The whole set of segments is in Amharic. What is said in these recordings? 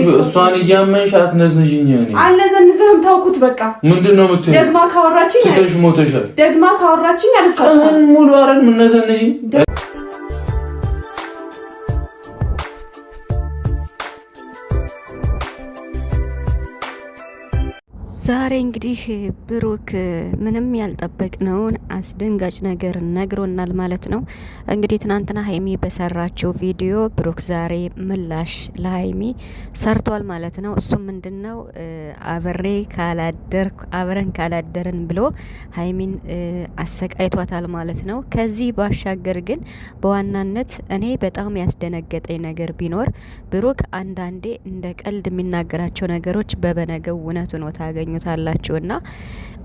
እኮ እሷን እያመንሽ አትነዝንዥኝ። እኔ አልነዘንዝህም፣ ተውኩት በቃ። ምንድን ነው የምትይው? ደግማ ካወራችኝ ትተሽ ሞተሻል። ደግማ ካወራችኝ አልፋ ሙሉ አረን ምነዘንዥኝ ዛሬ እንግዲህ ብሩክ ምንም ያልጠበቅነውን አስደንጋጭ ነገር ነግሮናል ማለት ነው። እንግዲህ ትናንትና ሀይሚ በሰራችው ቪዲዮ ብሩክ ዛሬ ምላሽ ለሀይሚ ሰርቷል ማለት ነው። እሱ ምንድን ነው አብሬ ካላደር አብረን ካላደርን ብሎ ሀይሚን አሰቃይቷታል ማለት ነው። ከዚህ ባሻገር ግን በዋናነት እኔ በጣም ያስደነገጠኝ ነገር ቢኖር ብሩክ አንዳንዴ እንደ ቀልድ የሚናገራቸው ነገሮች በበነገው እውነት ነው ታገኙ እና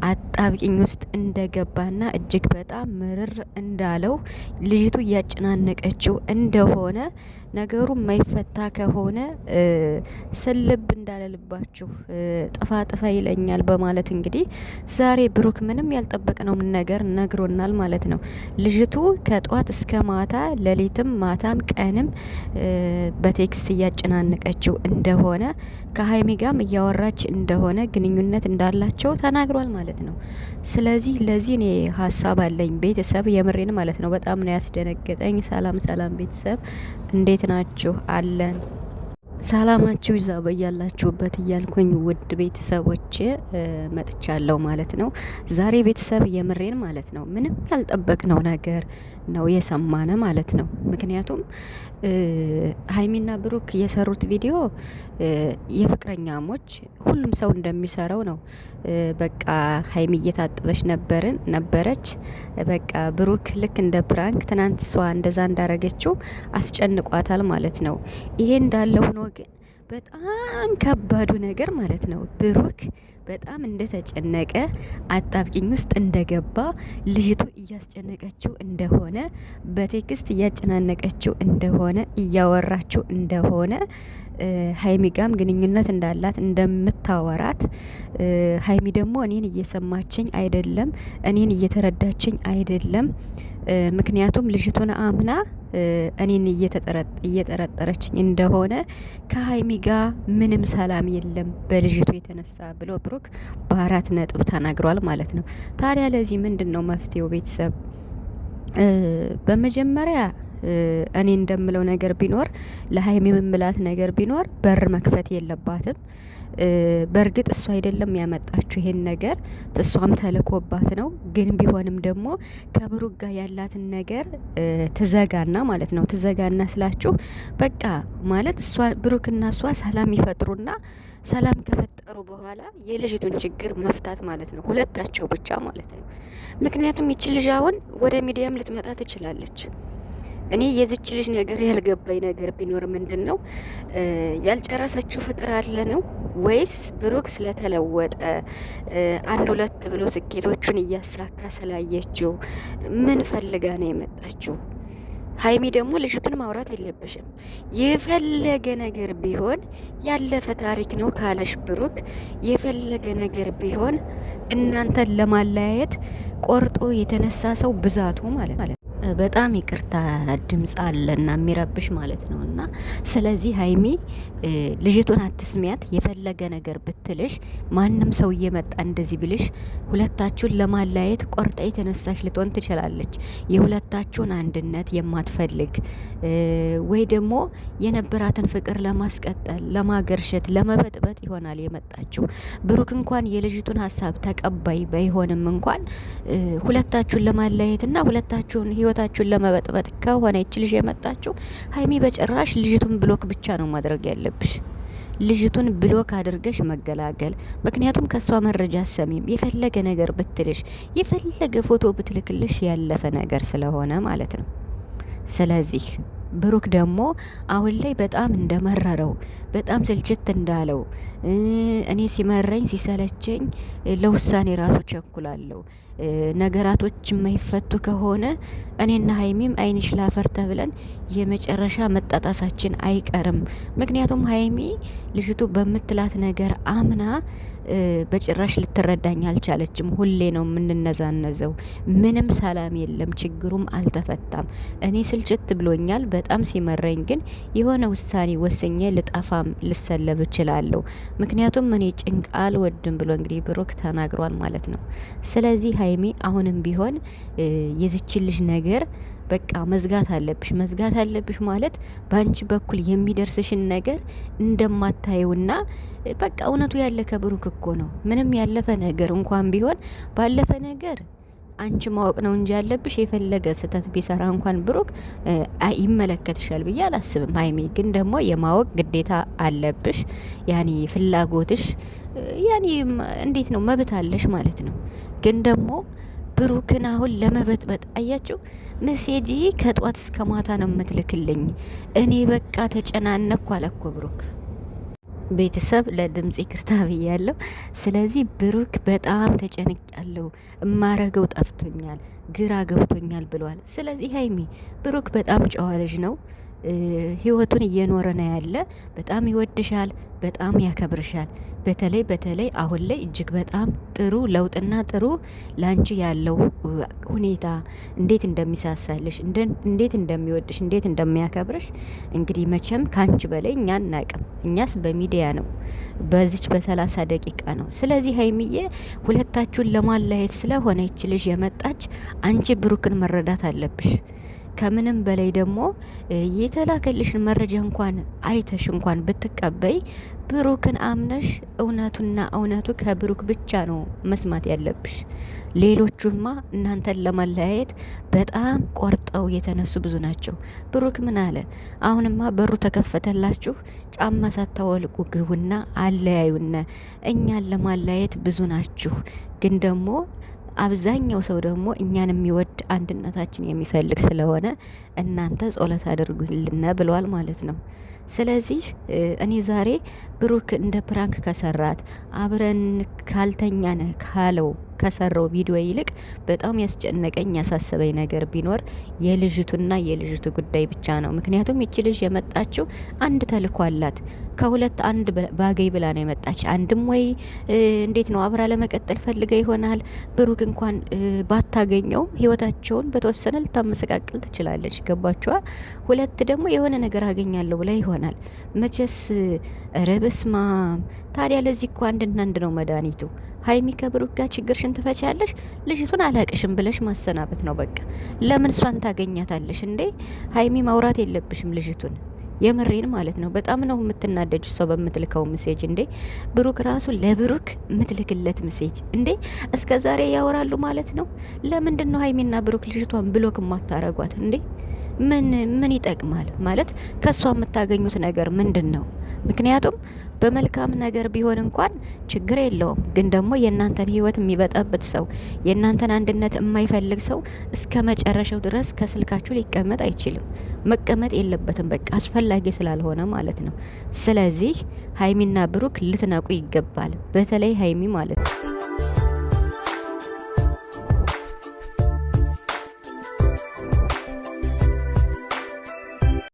አጣብቂኝ ውስጥ እንደገባና እጅግ በጣም ምርር እንዳለው ልጅቱ እያጨናነቀችው እንደሆነ ነገሩ የማይፈታ ከሆነ ስልብ እንዳለልባችሁ ጥፋ ጥፋ ይለኛል በማለት እንግዲህ ዛሬ ብሩክ ምንም ያልጠበቅነውም ነገር ነግሮናል ማለት ነው። ልጅቱ ከጧት እስከ ማታ ሌሊትም ማታም ቀንም በቴክስት እያጨናነቀችው እንደሆነ ከሀይሚ ጋም እያወራች እንደሆነ ግንኙነት ኃላፊነት እንዳላቸው ተናግሯል ማለት ነው። ስለዚህ ለዚህ እኔ ሀሳብ አለኝ ቤተሰብ፣ የምሬን ማለት ነው። በጣም ነው ያስደነገጠኝ። ሰላም ሰላም ቤተሰብ፣ እንዴት ናችሁ? አለን ሰላማችሁ ይዛ በያላችሁበት እያልኩኝ ውድ ቤተሰቦች መጥቻለሁ ማለት ነው። ዛሬ ቤተሰብ የምሬን ማለት ነው ምንም ያልጠበቅነው ነገር ነው የሰማነ ማለት ነው። ምክንያቱም ሀይሚና ብሩክ የሰሩት ቪዲዮ የፍቅረኛሞች ሁሉም ሰው እንደሚሰራው ነው። በቃ ሀይሚ እየታጠበች ነበርን ነበረች። በቃ ብሩክ ልክ እንደ ፕራንክ ትናንት እሷ እንደዛ እንዳረገችው አስጨንቋታል ማለት ነው። ይሄ እንዳለ ሆኖ በጣም ከባዱ ነገር ማለት ነው ብሩክ በጣም እንደተጨነቀ አጣብቂኝ ውስጥ እንደገባ ልጅቱ እያስጨነቀችው እንደሆነ በቴክስት እያጨናነቀችው እንደሆነ እያወራችው እንደሆነ ሀይሚ ጋም ግንኙነት እንዳላት እንደምታወራት ሀይሚ ደግሞ እኔን እየሰማችኝ አይደለም፣ እኔን እየተረዳችኝ አይደለም። ምክንያቱም ልጅቱን አምና እኔን እየጠረጠረችኝ እንደሆነ ከሀይሚ ጋር ምንም ሰላም የለም በልጅቱ የተነሳ ብሎ ብሩክ በአራት ነጥብ ተናግሯል ማለት ነው። ታዲያ ለዚህ ምንድን ነው መፍትሄው? ቤተሰብ በመጀመሪያ እኔ እንደምለው ነገር ቢኖር ለሀይሚ የምምላት ነገር ቢኖር በር መክፈት የለባትም። በእርግጥ እሱ አይደለም ያመጣችሁ ይሄን ነገር እሷም ተልኮባት ነው። ግን ቢሆንም ደግሞ ከብሩክ ጋር ያላትን ነገር ትዘጋና ማለት ነው ትዘጋና ስላችሁ በቃ ማለት እሷ ብሩክና እሷ ሰላም ይፈጥሩና ሰላም ከፈጠሩ በኋላ የልጅቱን ችግር መፍታት ማለት ነው ሁለታቸው ብቻ ማለት ነው። ምክንያቱም ይች ልጅ አሁን ወደ ሚዲያም ልትመጣ ትችላለች። እኔ የዚች ልጅ ነገር ያልገባኝ ነገር ቢኖር ምንድን ነው ያልጨረሰችው ፍቅር አለ ነው ወይስ ብሩክ ስለተለወጠ አንድ ሁለት ብሎ ስኬቶቹን እያሳካ ስላየችው ምን ፈልጋ ነው የመጣችው? ሀይሚ ደግሞ ልጅቱን ማውራት የለብሽም። የፈለገ ነገር ቢሆን ያለፈ ታሪክ ነው ካለሽ ብሩክ የፈለገ ነገር ቢሆን እናንተን ለማለያየት ቆርጦ የተነሳ ሰው ብዛቱ ማለት በጣም ይቅርታ ድምፅ አለና የሚረብሽ ማለት ነው። እና ስለዚህ ሀይሚ ልጅቱን አትስሚያት። የፈለገ ነገር ብትልሽ ማንም ሰው እየመጣ እንደዚህ ብልሽ ሁለታችሁን ለማለያየት ቆርጣ የተነሳሽ ልትሆን ትችላለች። የሁለታችሁን አንድነት የማትፈልግ ወይ ደግሞ የነበራትን ፍቅር ለማስቀጠል፣ ለማገርሸት፣ ለመበጥበጥ ይሆናል የመጣችው። ብሩክ እንኳን የልጅቱን ሀሳብ ተቀባይ ባይሆንም እንኳን ሁለታችሁን ለማለያየትና ሁለታችሁን ህይወታችሁን ለመበጥበጥ ከሆነ ይች ልጅ የመጣችሁ ሀይሚ፣ በጭራሽ ልጅቱን ብሎክ ብቻ ነው ማድረግ ያለብሽ። ልጅቱን ብሎክ አድርገሽ መገላገል። ምክንያቱም ከእሷ መረጃ ሰሚም የፈለገ ነገር ብትልሽ የፈለገ ፎቶ ብትልክልሽ ያለፈ ነገር ስለሆነ ማለት ነው። ስለዚህ ብሩክ ደግሞ አሁን ላይ በጣም እንደመረረው በጣም ስልችት እንዳለው እኔ ሲመረኝ ሲሰለቸኝ ለውሳኔ ራሱ ቸኩላለሁ ነገራቶች የማይፈቱ ከሆነ እኔና ሀይሚም አይንሽ ላፈር ተብለን የመጨረሻ መጣጣሳችን አይቀርም። ምክንያቱም ሀይሚ ልጅቱ በምትላት ነገር አምና በጭራሽ ልትረዳኝ አልቻለችም። ሁሌ ነው የምንነዛነዘው። ምንም ሰላም የለም። ችግሩም አልተፈታም። እኔ ስልችት ብሎኛል። በጣም ሲመረኝ ግን የሆነ ውሳኔ ወስኜ ልጠፋም ልሰለብ እችላለሁ። ምክንያቱም እኔ ጭንቅ አልወድም ብሎ እንግዲህ ብሩክ ተናግሯል ማለት ነው። ስለዚህ ሀይሚ አሁንም ቢሆን የዝችልሽ ነገር በቃ መዝጋት አለብሽ። መዝጋት አለብሽ ማለት በአንቺ በኩል የሚደርስሽን ነገር እንደማታየውና በቃ እውነቱ ያለ ከብሩክ እኮ ነው። ምንም ያለፈ ነገር እንኳን ቢሆን ባለፈ ነገር አንቺ ማወቅ ነው እንጂ ያለብሽ። የፈለገ ስህተት ቢሰራ እንኳን ብሩክ ይመለከትሻል ብዬ አላስብም። ሀይሚ ግን ደግሞ የማወቅ ግዴታ አለብሽ። ያኔ ፍላጎትሽ ያኔ እንዴት ነው መብት አለሽ ማለት ነው። ግን ደግሞ ብሩክን አሁን ለመበጥበጥ አያችሁ፣ መሴጂ ከጧት እስከ ማታ ነው የምትልክልኝ። እኔ በቃ ተጨናነኩ አለኮ ብሩክ ቤተሰብ ለድምጽ ይቅርታ ብያለሁ። ስለዚህ ብሩክ በጣም ተጨንቄያለሁ፣ እማረገው ጠፍቶኛል፣ ግራ ገብቶኛል ብሏል። ስለዚህ ሀይሚ ብሩክ በጣም ጨዋ ልጅ ነው። ህይወቱን እየኖረ ነው ያለ። በጣም ይወድሻል፣ በጣም ያከብርሻል። በተለይ በተለይ አሁን ላይ እጅግ በጣም ጥሩ ለውጥና ጥሩ ላንቺ ያለው ሁኔታ እንዴት እንደሚሳሳልሽ፣ እንዴት እንደሚወድሽ፣ እንዴት እንደሚያከብርሽ እንግዲህ መቼም ከአንቺ በላይ እኛ እናቅም እኛስ በሚዲያ ነው በዚች በሰላሳ ደቂቃ ነው። ስለዚህ ሀይሚዬ ሁለታችሁን ለማለየት ስለሆነ ይች ልጅ የመጣች አንቺ ብሩክን መረዳት አለብሽ። ከምንም በላይ ደግሞ የተላከልሽን መረጃ እንኳን አይተሽ እንኳን ብትቀበይ ብሩክን አምነሽ እውነቱና እውነቱ ከብሩክ ብቻ ነው መስማት ያለብሽ። ሌሎቹማ እናንተን ለማለያየት በጣም ቆርጠው የተነሱ ብዙ ናቸው። ብሩክ ምን አለ? አሁንማ በሩ ተከፈተላችሁ፣ ጫማ ሳታወልቁ ግቡና አለያዩነ። እኛን ለማለያየት ብዙ ናችሁ፣ ግን ደግሞ አብዛኛው ሰው ደግሞ እኛን የሚወድ አንድነታችን የሚፈልግ ስለሆነ እናንተ ጸሎት አድርጉልና ብሏል ማለት ነው። ስለዚህ እኔ ዛሬ ብሩክ እንደ ፕራንክ ከሰራት አብረን ካልተኛን ካለው ከሰራው ቪዲዮ ይልቅ በጣም ያስጨነቀኝ ያሳሰበኝ ነገር ቢኖር የልጅቱና የልጅቱ ጉዳይ ብቻ ነው። ምክንያቱም ይቺ ልጅ የመጣችው አንድ ተልኮ አላት። ከሁለት አንድ ባገኝ ብላ ነው የመጣች። አንድም ወይ እንዴት ነው አብራ ለመቀጠል ፈልገ ይሆናል። ብሩክ እንኳን ባታገኘው ህይወታቸውን በተወሰነ ልታመሰቃቅል ትችላለች። ገባችኋ? ሁለት ደግሞ የሆነ ነገር አገኛለሁ ብላ ይሆናል። መቼስ ረብስማ ታዲያ ለዚህ እኮ አንድና አንድ ነው መድኃኒቱ። ሀይሚ ከብሩክ ጋር ችግርሽን ትፈቻለሽ፣ ልጅቱን አላቅሽም ብለሽ ማሰናበት ነው በቃ። ለምን እሷን ታገኛታለሽ እንዴ? ሀይሚ ማውራት የለብሽም ልጅቱን የምሬን ማለት ነው። በጣም ነው የምትናደጅ ሰው በምትልከው ምሴጅ እንዴ። ብሩክ ራሱ ለብሩክ ምትልክለት ምሴጅ እንዴ። እስከ ዛሬ ያወራሉ ማለት ነው። ለምንድን ነው ሀይሚና ብሩክ ልጅቷን ብሎክ ማታረጓት እንዴ? ምን ምን ይጠቅማል ማለት ከእሷ የምታገኙት ነገር ምንድን ነው? ምክንያቱም በመልካም ነገር ቢሆን እንኳን ችግር የለውም። ግን ደግሞ የእናንተን ህይወት የሚበጠብጥ ሰው፣ የእናንተን አንድነት የማይፈልግ ሰው እስከ መጨረሻው ድረስ ከስልካችሁ ሊቀመጥ አይችልም። መቀመጥ የለበትም። በቃ አስፈላጊ ስላልሆነ ማለት ነው። ስለዚህ ሀይሚና ብሩክ ልትነቁ ይገባል። በተለይ ሀይሚ ማለት ነው።